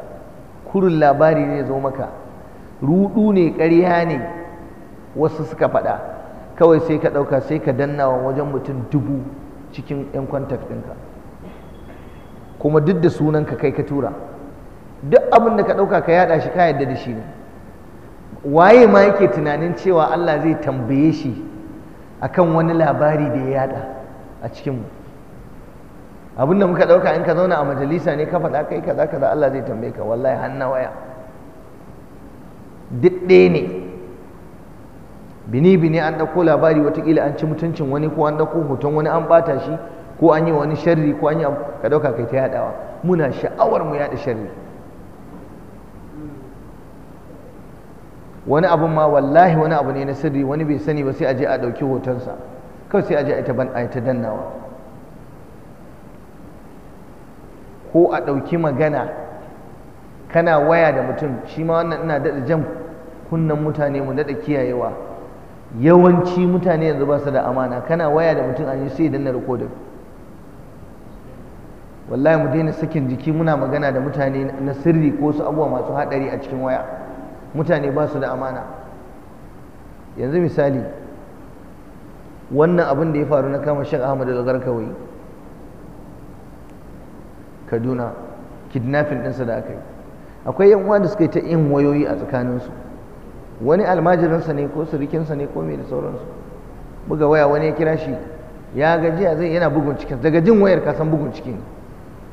kurin labari ne zo maka rudu ne ƙarya ne wasu suka faɗa kawai sai ka ɗauka sai ka danna wa wajen mutum dubu cikin 'yan kwantar ɗinka kuma duk da sunanka kai ka tura duk abin da ka ɗauka ka yada shi ka yadda da shi ne waye ma yake tunanin cewa Allah zai tambaye shi akan wani labari da ya yada a cikinmu abin da muka ɗauka in ka zauna a majalisa ne ka faɗa kai kaza kaza Allah zai tambaye ka wallahi har na waya ɗaya ne bini bini an ɗauko labari watakila an ci mutuncin wani ko an ɗauko hoton wani an ɓata shi ko an yi wani sharri ko an yi ka dauka kai ta yaɗawa muna sha'awar mu yaɗa sharri wani abun ma wallahi wani abu ne na sirri wani bai sani ba sai a je a ɗauki hotonsa kawai sai a je a ta dannawa ko a ɗauki magana kana waya da mutum shi ma wannan ina daɗa jan kunnen mutane mu daɗa kiyayewa yawanci mutane yanzu ba su da amana kana waya da mutum an yi sai danna rikodin wallahi mu daina sakin jiki muna magana da mutane na sirri ko su abuwa masu haɗari a cikin waya mutane ba su da amana yanzu misali wannan abin da ya faru na kama shek ahmad al kawai kaduna kidnapping ɗinsa da aka yi akwai yan da suka yi ta yin wayoyi a tsakaninsu wani almajirinsa ne ko surikinsa ne ko mai da sauransu buga waya wani ya kira shi ya a zai yana bugun cikin daga jin wayar ka san bugun ciki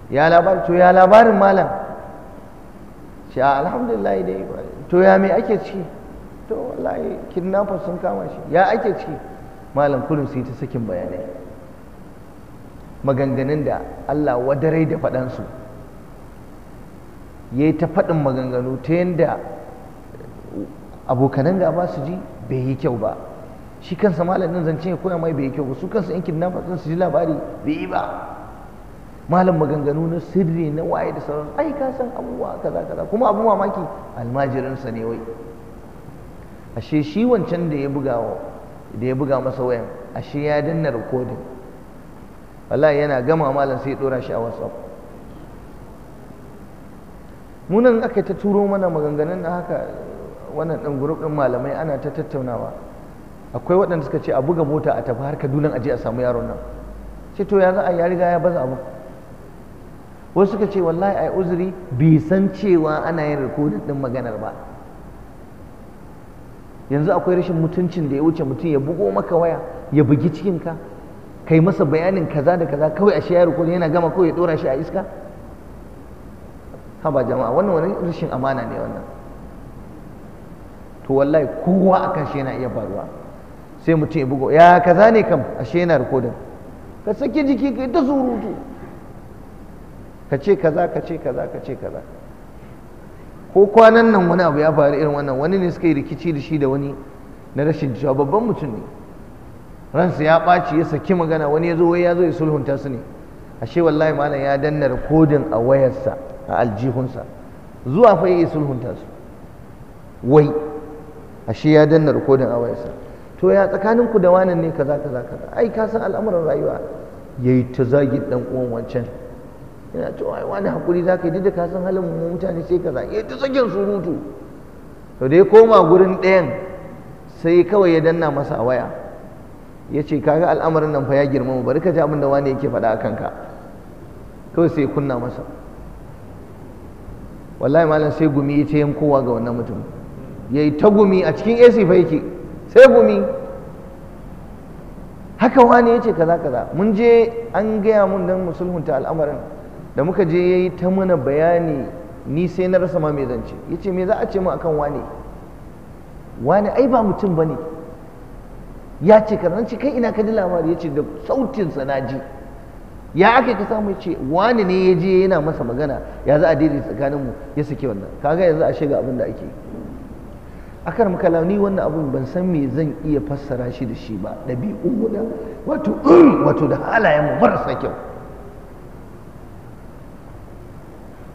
ya labarin to ya labarin malam shi ah, alhamdulillah dai to ya me ake ciki to wallahi kidnapper sun kama shi ya ake ciki malam kurum su yi ta sakin bayanai maganganun da Allah wadarai da faɗansu ya yi ta faɗin maganganu ta yadda abokanan ba su ji bai yi kyau ba shi kansa malamin zance ya koya mai bai yi kyau ba su kansa yan kidnapper sun su ji labari bai yi ba malam maganganu na sirri na waye da sauran ai ka san abubuwa kaza kaza kuma abu mamaki almajirinsa ne wai ashe shi wancan da ya buga da ya buga masa wayan ashe ya danna rikodin wallahi yana gama malam sai ya dora shi a whatsapp munan aka ta turo mana maganganun na haka wannan ɗan group ɗin malamai ana ta tattaunawa akwai waɗanda suka ce a buga mota a tafi har kaduna aje a samu yaron nan ce to ya za a ya riga ya baza abu wasu suka ce wallahi ai uzuri bai san cewa ana yin rikodin din maganar ba yanzu akwai rashin mutuncin da ya wuce mutum ya bugo maka waya ya bugi cikinka kai masa bayanin kaza da kaza kawai ashe ya rikodin yana gama kawai ya dora shi a iska haba jama'a wannan wani rashin amana ne wannan to wallahi kowa akan shi yana iya faruwa sai mutum ya bugo ya kaza ne kam ashe yana rikodin ka sake jiki kai ta surutu ka ce kaza ka ce kaza ka ce kaza ko kwanan nan wani abu ya faru irin wannan wani ne suka yi rikici da shi da wani na rashin cewa babban mutum ne ransa ya ɓaci ya saki magana wani ya zo wai ya zo ya sulhunta su ne ashe wallahi malam ya danna rikodin a wayarsa a aljihunsa zuwa fa ya sulhunta su wai ashe ya danna rikodin a wayarsa to ya tsakanin ku da wanan ne kaza kaza kaza ai ka san al'amuran rayuwa yayi ta zagin dan uwan wancan yana to ai wani hakuri zaka yi duk ka san halin mu mutane sai kaza ya ta sakin surutu to dai koma gurin ɗayan sai kawai ya danna masa waya ya ce kaga al'amarin nan fa ya girma bari ka ji abin da wani yake faɗa a kanka kawai sai kunna masa wallahi malam sai gumi ya ce yankowa ga wannan mutum ya yi ta gumi a cikin ac fa yake sai gumi haka wani ya ce kaza kaza mun je an gaya mun don musulhunta al'amarin da muka je ya yi ta mana bayani ni sai na rasa ma mai zance ya ce me za a ce mu akan wane wane ai ba mutum ba ne ya ce kaza ce kai ina ka ji labari ya ce da sautinsa na ji ya ake ka samu ya ce wane ne ya je yana masa magana ya za a daidai tsakaninmu ya saki wannan kaga yanzu a shiga abin da ake akar makala ni wannan abun ban san me zan iya fassara shi da shi ba ɗabi'u da wato da halayen mu marasa kyau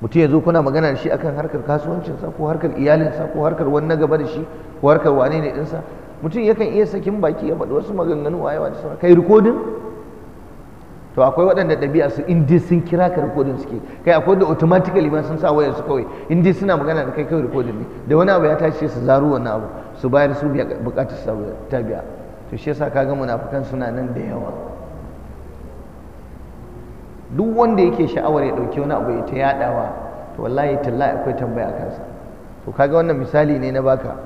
mutum ya zo kuna magana da shi akan harkar kasuwancinsa ko harkar iyalinsa ko harkar wani na gaba da shi ko harkar wane ne ɗinsa mutum yakan iya sakin baki ya faɗi wasu maganganu a yawa da sauran kai rikodin to akwai waɗanda ɗabi'a su indi sun kira ka rikodin suke kai akwai da automatically ma sun sa wayar su kawai Indi suna magana da kai kai rikodin ne da wani abu ya tashi su zaru wannan abu su bayar su bukatar ta biya to shi yasa kaga munafukan suna nan da yawa duk wanda yake sha'awar ya ɗauki wani abu ya ta yaɗawa to wallahi tallahi akwai tambaya a kansa to kaga wannan misali ne na baka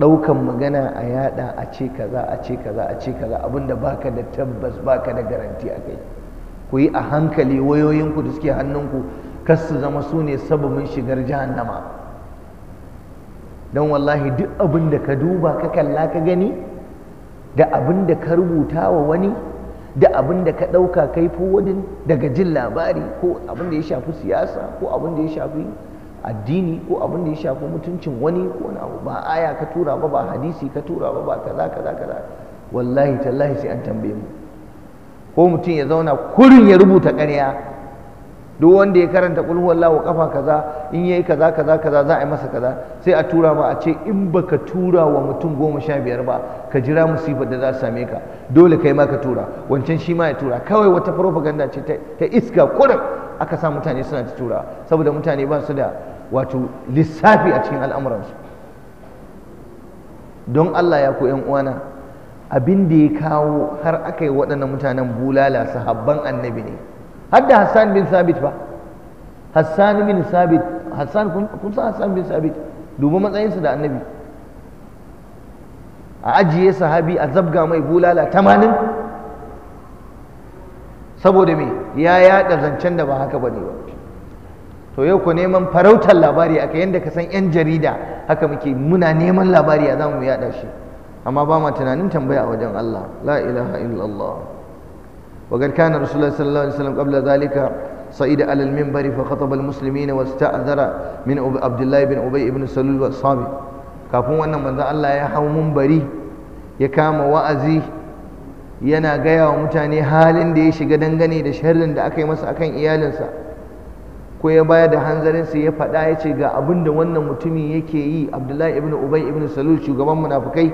ɗaukan magana a yaɗa a ce kaza a ce kaza a ce kaza abinda baka da tabbas baka da garanti a kai ku yi a hankali wayoyinku da suke hannunku kar su zama su ne sababin shigar jahannama don wallahi duk abin da ka duba ka kalla ka gani da abin da ka rubuta wa wani da abin da ka ɗauka kai fowadin daga jin labari ko abin da ya shafi siyasa ko abin da ya shafi addini ko abin da ya shafi mutuncin wani ko na abu ba aya ka tura ba ba hadisi ka tura ba ba kaza kaza kaza wallahi tallahi sai an tambaye mu ko mutum ya zauna kurin ya rubuta ƙarya duk wanda ya karanta qul huwallahu kafa kaza in yayi kaza kaza kaza za a yi masa kaza sai a tura ma a ce in baka tura wa mutum goma sha biyar ba ka jira musibar da za su same ka dole kai ma ka tura wancan shi ma ya tura kawai wata propaganda ce ta iska kurin aka sa mutane suna ta tura saboda mutane ba su da wato lissafi a cikin al'amuransu don Allah ya ku 'yan uwana abin da ya kawo har aka waɗannan mutanen bulala sahabban annabi ne har da hassan bin sabit ba hassan bin sabit hassan kun san hassan bin sabit dubi matsayinsa da annabi a ajiye sahabi a zabga mai bulala tamanin saboda me ya yaɗa zancen da ba haka ba ne ba to yau ku neman farautar labari aka yadda ka san 'yan jarida haka muke muna neman labari a za mu yaɗa shi amma ba ma tunanin tambaya a wajen Allah la ilaha illallah وقد كان رسول الله صلى الله عليه وسلم قبل ذلك صعد على المنبر فخطب المسلمين واستعذر من عبد الله بن ابي بن سلول والصابي kafin wannan manzon Allah ya hau منبري ya kama wa'azi yana gaya wa mutane halin da ya shiga dangane da sharrin da aka yi masa akan iyalinsa ko ya bayar da hanzarinsa ya faɗa ya ce ga abin da wannan mutumi yake yi abdullahi ibn ubay ibn salul shugaban munafukai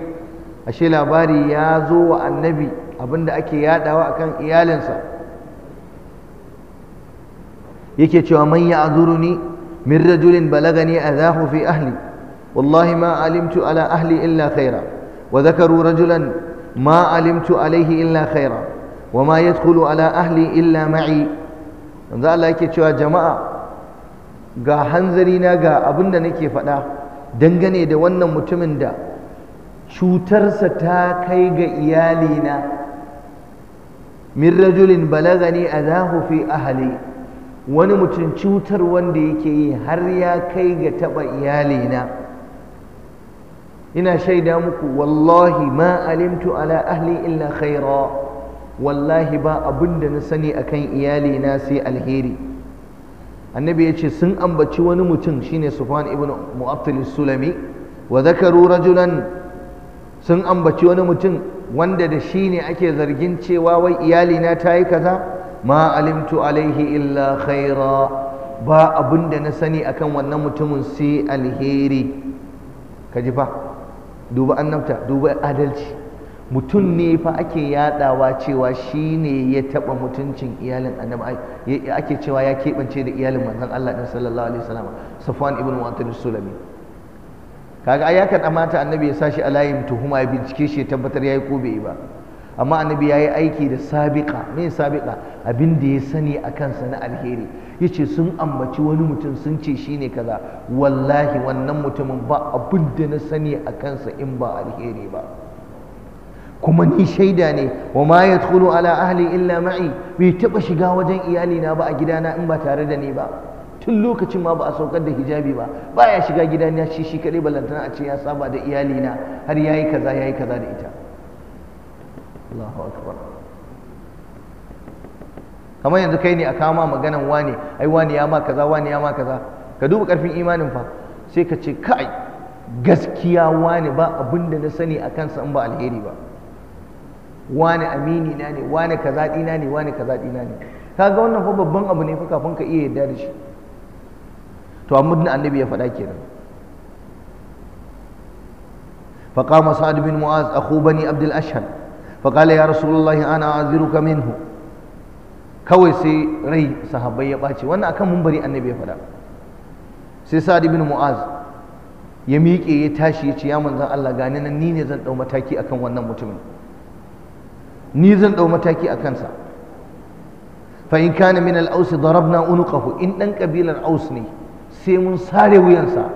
ashe labari ya zo wa annabi Abin da ake yadawa kan iyalinsa yake cewa man ya'zuruni min rajulin balagani zahu fi ahli wallahi ma alimtu ala ahli illa khaira wa zakaru rajulan ma alimtu alayhi illa khaira wa ma yadkhulu ala ahli illa ma'i yanzu Allah yake cewa jama'a ga hanzari na ga da nake faɗa dangane da wannan mutumin da cutarsa ta kai ga iyalina min rajulin balagani a fi ahli wani mutum cutar wanda yake yi har ya kai ga taɓa iyalina ina shaida muku wallahi ma alimtu ala ahli illa khaira wallahi ba abin da na sani akan iyalina sai alheri annabi ya ce sun ambaci wani mutum shine Sufwan ibn mu'attil sulami wa zakaru rajulan sun ambaci wani mutum wanda da shi ne ake zargin cewa wai iyalina ta yi kaza ma alimtu alaihi illa khaira ba abin da na sani akan wannan mutumin sai alheri ka ji fa duba annabta duba adalci mutum ne fa ake yadawa cewa shi ne ya taba mutuncin iyalin annabi ake cewa ya keɓance da iyalin manzon Allah din sallallahu alaihi wasallam Safwan ibn Mu'attab sulami kaga ai yakan amata annabi ya sashi a layin tuhuma ya bincike shi ya tabbatar yayi ko bai ba amma annabi yayi aiki da sabiqa me sabiqa abin da ya sani a kansa na alheri yace sun ambaci wani mutum sun ce shine kaza wallahi wannan mutumin ba abin da na sani a kansa in ba alheri ba kuma ni shaida ne wa ma yadkhulu ala ahli illa ma'i bai taba shiga wajen iyalina ba a gidana in ba tare da ni ba tun lokacin ma ba a saukar da hijabi ba Ba ya shiga gidan ya shi shi kadai ballantana a ce ya saba da iyali na har yi kaza ya yi kaza da ita Allahu akbar kamar yanzu kai ne a kama maganan wane ai wane ya ma kaza wane ya ma kaza ka duba karfin imanin fa sai ka ce kai gaskiya wane ba abin da na sani a kansa in ba alheri ba wane amini na ne wane kaza dina ne wane kaza dina ne kaga wannan fa babban abu ne fa kafin ka iya yarda da shi to abin da annabi ya faɗa kenan فقام سعد بن معاذ أخو بني عبد الأشهل فقال يا رسول الله أنا أعذرك منه كوي سي ري صحابي يباتي وانا أكم منبري النبي فلا سي سعد بن معاذ يميك يتاشي يتي يا من الله غانينا نيني زن دو متاكي أكم وانا متمن ني زن دو متاكي أكم سا فإن كان من الأوس ضربنا أنقه إن أن قبيل الأوس نيه sai mun sare wuyansa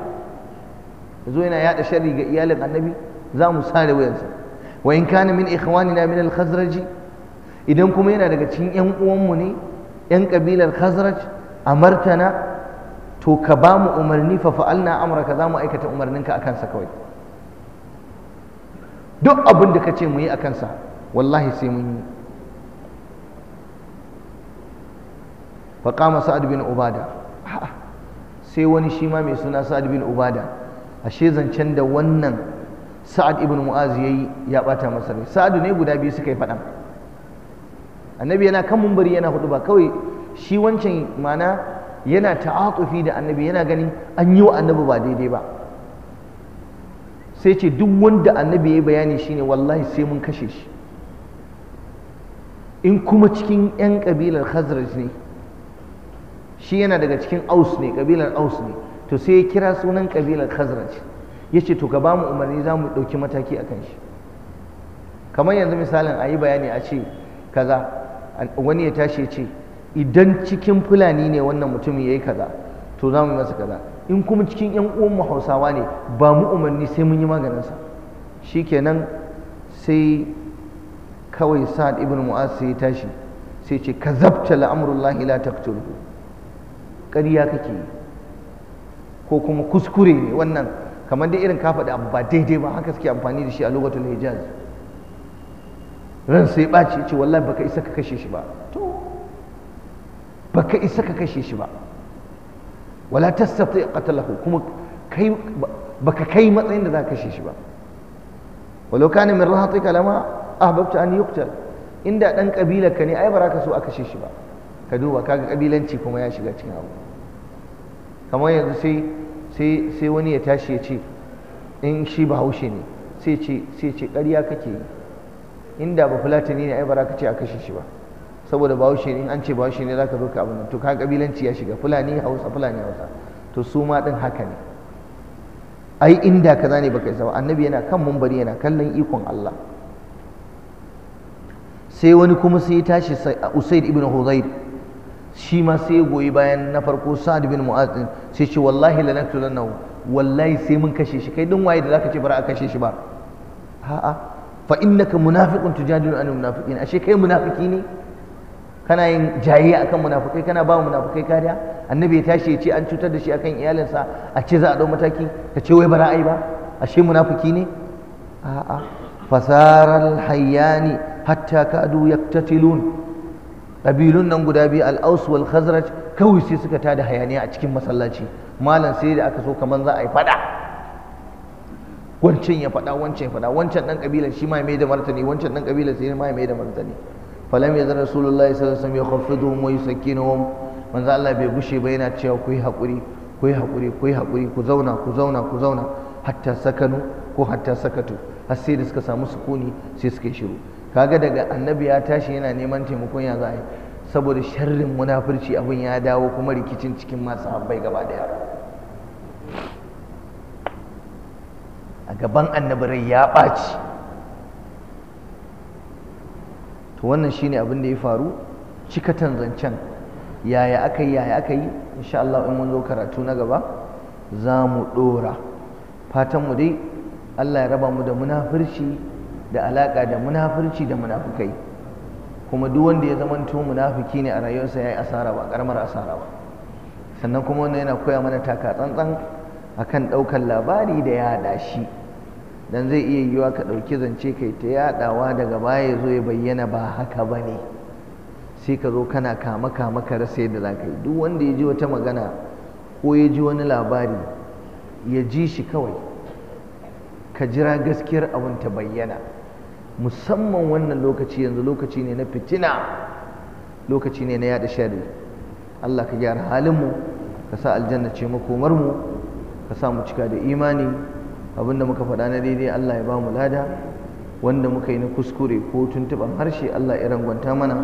zo yana yada shari ga iyalin annabi za mu sare wuyansa wa in kana min ikhwanina min al-khazraj idan kuma yana daga cikin yan uwanmu ne yan kabilar khazraj amartana to ka ba mu umarni fa fa'alna amraka za mu aikata umarninka a kansa kawai duk abin da ka ce mu yi a kansa wallahi sai mun yi fa qama sa'ad bin ubada sai wani shi ma mai suna sa'ad bin ubada ashe zancen da wannan sa'ad ibn mu'az yayi ya bata masa rai sa'adu ne guda biyu suka yi faɗa annabi yana kan mumbari yana hudu ba kawai shi wancan mana yana ta'atufi da annabi yana ganin an yi wa annabi ba daidai ba sai ce duk wanda annabi ya yi bayani shine wallahi sai mun kashe shi in kuma cikin 'yan kabilar khazraj ne shi yana daga cikin aus ne kabilar aus ne to sai ya kira sunan kabilar khazraj ya ce to ka ba mu umarni za mu ɗauki mataki akan shi kamar yanzu misalin a yi bayani a ce kaza wani ya tashi ya ce idan cikin fulani ne wannan mutumin ya yi kaza to za mu yi masa kaza in kuma cikin yan uwan mu hausawa ne ba mu umarni sai mun yi maganinsa kenan sai kawai sa'ad ibn mu'az sai ya tashi sai ce kazabta la'amrullahi la taqtuluhu ƙarya kake ko kuma kuskure ne wannan kamar dai irin ka faɗi abu ba daidai ba haka suke amfani da shi a lokacin hijaz ran sai ɓaci ce wallahi baka isa ka kashe shi ba to baka isa ka kashe shi ba wala tastati qatalahu kuma kai baka kai matsayin da za ka kashe shi ba walau kana min rahatika lama ahbabta an yuqtal inda dan kabilarka ne ai baraka so a kashe shi ba ka duba kaga kabilanci kuma ya shiga cikin abu kamar yanzu sai wani ya tashi ya ce in shi bahaushe ne sai ce sai ƙarya kake yi inda ba fulatani ne ai ba ka ce a kashe shi ba saboda bahaushe in an ce bahaushe ne za ka zo ka abin to ka kabilanci ya shiga fulani hausa fulani hausa to su ma din haka ne ai inda ka ne baka isa ba annabi yana kan mumbari yana kallon ikon Allah sai wani kuma sai ya tashi Usaid ibn Hudayr shi ma sai goyi bayan na farko sa'ad bin mu'az din sai ce wallahi la naqtulannahu wallahi sai mun kashe shi kai din waye da zaka ce bara a kashe shi ba a'a fa innaka munafiqun tujadilu anil munafiqin ashe kai munafiki ne kana yin jayayya akan munafikai kana ba munafikai kariya annabi ya tashi ya ce an cutar da shi akan iyalinsa a ce za a dau mataki ka ce wai bara ai ba ashe munafiki ne a'a fasaral hayyani hatta kadu yaktatilun ƙabilun nan guda biyu al'aus wal khazraj kawai sai suka tada hayaniya a cikin masallaci malam sai da aka so kamar za a yi fada wancan ya fada wancan ya fada wancan dan kabilan shi ma mai da martani wancan dan kabilan sai ma mai da martani falam yazar rasulullahi sallallahu alaihi wasallam yakhaffiduhum wa yusakkinuhum manzo Allah bai gushe ba yana cewa ku yi hakuri ku yi hakuri ku yi hakuri ku zauna ku zauna ku zauna hatta sakanu ko hatta sakatu har sai da suka samu sukuni sai suka yi shiru kaga daga annabi ya tashi yana neman taimakon ya za saboda sharrin munafurci abin ya dawo kuma rikicin cikin masu habbai gaba daya a gaban annabirai ya ɓaci to wannan shine abin da ya faru cikatan zancen yaya aka yi yaya aka yi Allah in mun zo karatu na gaba za mu ɗora fatanmu dai Allah ya raba mu da munafurci da alaƙa da munafurci da munafukai kuma duk wanda ya zamanto munafiki ne a rayuwarsa ya yi asara ba karamar asara ba sannan kuma wannan yana koya mana taka tsantsan a kan ɗaukar labari da ya haɗa shi dan zai iya yiwa ka ɗauki zance kai ta yaɗawa daga baya zo ya bayyana ba haka ba ne sai ka zo kana kama kama ka rasa yadda za ka yi duk wanda ya ji wata magana ko ya ji wani labari ya ji shi kawai ka jira gaskiyar abin ta bayyana musamman wannan lokaci yanzu lokaci ne na fitina lokaci ne na yada shari Allah ka gyara halinmu ka sa aljanna ce makomarmu ka sa mu cika da imani abinda muka faɗa na daidai Allah ya ba mu lada wanda muka yi na kuskure ko tuntuɓar harshe Allah ya rangwanta mana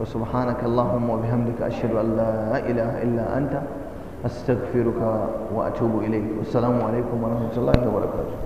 wa subhanaka Allahumma wa bihamdika ashhadu an la ilaha illa anta astaghfiruka wa atubu ilayk assalamu alaikum wa rahmatullahi wa barakatuh